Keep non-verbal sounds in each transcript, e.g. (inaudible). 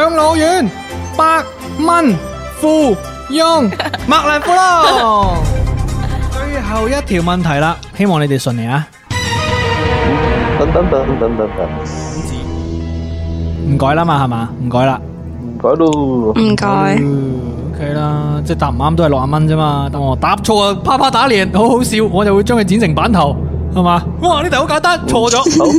養老院，百蚊富翁，麥蘭夫。龍。 (laughs) 最後一條問題啦，希望你哋順利啊！唔改啦嘛係嘛，唔改啦，唔改咯，唔改。OK 啦，即係答唔啱都係六十蚊啫嘛。當我答錯啊，啪啪打臉，好好笑，我就會將佢剪成版頭，係嘛？哇，呢題好簡單，錯咗。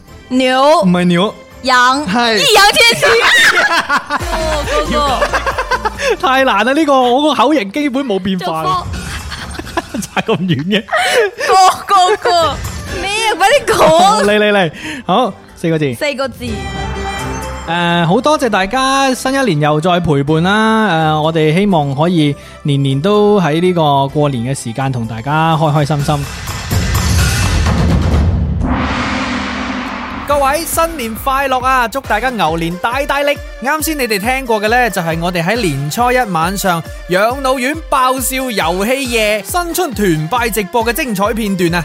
牛唔係牛，羊係易烊千璽。哥哥哥，太難啦呢個，我個口型基本冇變化。差咁遠嘅，哥哥哥咩？快啲講嚟嚟嚟，好，四個字。四個字。誒，好多謝大家新一年又再陪伴啦。誒，我哋希望可以年年都喺呢個過年嘅時間同大家開開心心。各位新年快樂啊！祝大家牛年大大力！啱先你哋聽過嘅呢，就係我哋喺年初一晚上養老院爆笑遊戲夜新春團拜直播嘅精彩片段啊！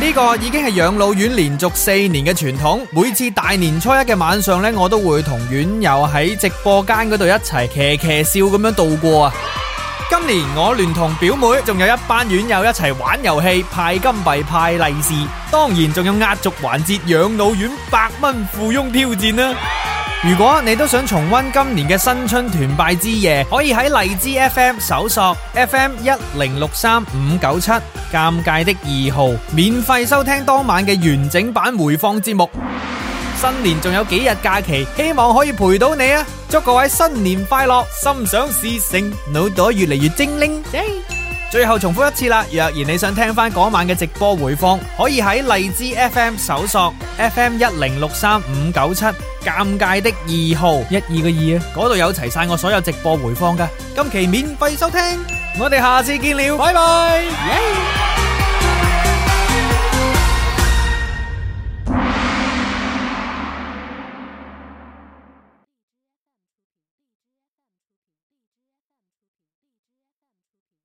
呢個已經係養老院連續四年嘅傳統，每次大年初一嘅晚上呢，我都會同院友喺直播間嗰度一齊騎騎笑咁樣度過啊！今年我聯同表妹，仲有一班院友一齊玩遊戲，派金幣派利是，當然仲有壓軸環節養老院百蚊富翁挑戰啦，啊！如果你都想重溫今年嘅新春團拜之夜，可以喺荔枝 FM 搜索 FM 一零六三五九七，尷尬的二號，免費收聽當晚嘅完整版回放節目。新年仲有幾日假期，希望可以陪到你啊！祝各位新年快樂，心想事成，腦袋越嚟越精靈。最後重複一次啦，若然你想聽翻嗰晚嘅直播回放，可以喺荔枝 FM 搜索 FM 一零六三五九七，尷尬的二號一二個二啊，嗰度有齊晒我所有直播回放噶，今期免費收聽，我哋下次見了，拜拜。